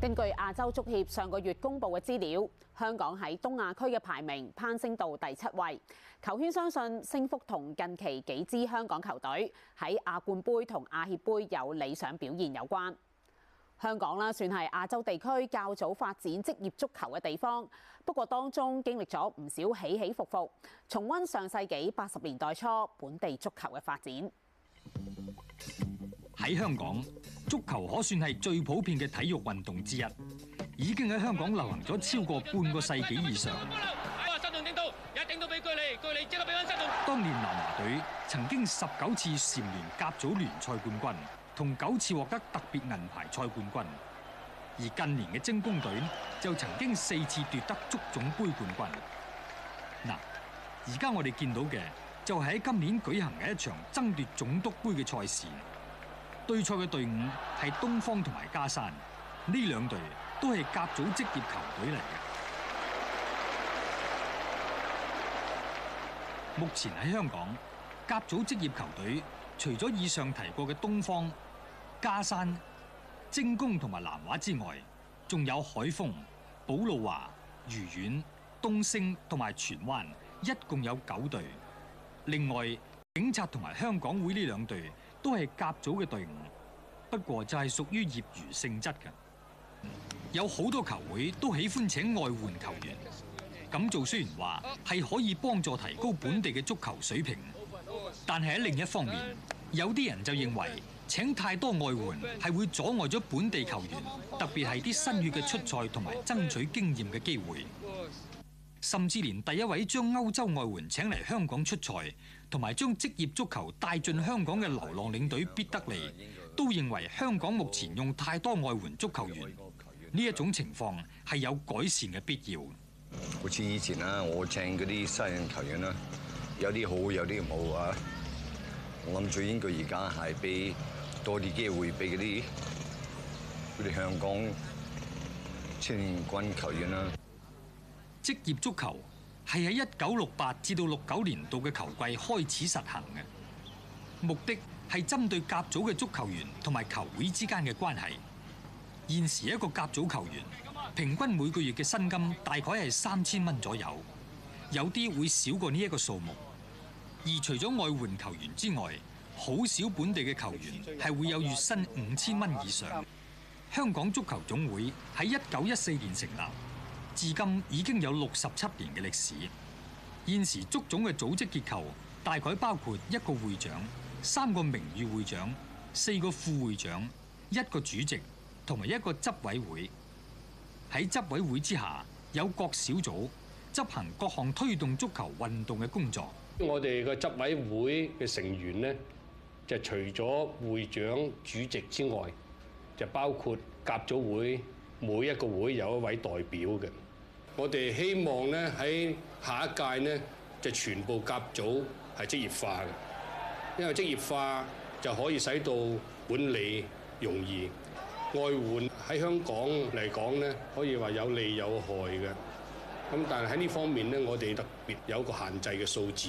根據亞洲足協上個月公布嘅資料，香港喺東亞區嘅排名攀升到第七位。球圈相信升幅同近期幾支香港球隊喺亞冠杯同亞協杯有理想表現有關。香港啦，算係亞洲地區較早發展職業足球嘅地方，不過當中經歷咗唔少起起伏伏。重溫上世紀八十年代初本地足球嘅發展。喺香港，足球可算係最普遍嘅體育運動之一，已經喺香港流行咗超過半個世紀以上。當年南華隊曾經十九次蟬聯甲組聯賽冠軍，同九次獲得特別銀牌賽冠軍。而近年嘅精工隊就曾經四次奪得足總盃冠軍。嗱，而家我哋見到嘅就係喺今年舉行嘅一場爭奪總督盃嘅賽事。對賽嘅隊伍係東方同埋加山，呢兩隊都係甲組職業球隊嚟嘅。目前喺香港，甲組職業球隊除咗以上提過嘅東方、加山、精工同埋南華之外，仲有海豐、寶路華、愉園、東升同埋荃灣，一共有九隊。另外，警察同埋香港會呢兩隊。都係甲組嘅隊伍，不過就係屬於業餘性質嘅。有好多球會都喜歡請外援球員，咁做雖然話係可以幫助提高本地嘅足球水平，但係喺另一方面，有啲人就認為請太多外援係會阻礙咗本地球員，特別係啲新血嘅出賽同埋爭取經驗嘅機會。甚至連第一位將歐洲外援請嚟香港出賽，同埋將職業足球帶進香港嘅流浪領隊必得利，都認為香港目前用太多外援足球員，呢一種情況係有改善嘅必要。好似以前啦，我請嗰啲西人球員啦，有啲好，有啲唔好啊。我諗最應該而家係俾多啲機會俾嗰啲佢哋香港青年軍球員啦。職業足球係喺一九六八至到六九年度嘅球季開始實行嘅，目的係針對甲組嘅足球員同埋球會之間嘅關係。現時一個甲組球員平均每個月嘅薪金大概係三千蚊左右，有啲會少過呢一個數目。而除咗外援球員之外，好少本地嘅球員係會有月薪五千蚊以上。香港足球總會喺一九一四年成立。至今已經有六十七年嘅歷史。現時足總嘅組織結構大概包括一個會長、三個名譽會長、四個副會長、一個主席，同埋一個執委會。喺執委會之下有各小組，執行各項推動足球運動嘅工作。我哋個執委會嘅成員呢，就除咗會長、主席之外，就包括甲組會。每一個會有一位代表嘅，我哋希望呢喺下一屆呢，就全部甲組係職業化嘅，因為職業化就可以使到管理容易，外援喺香港嚟講呢可以話有利有害嘅，咁但係喺呢方面呢我哋特別有個限制嘅數字。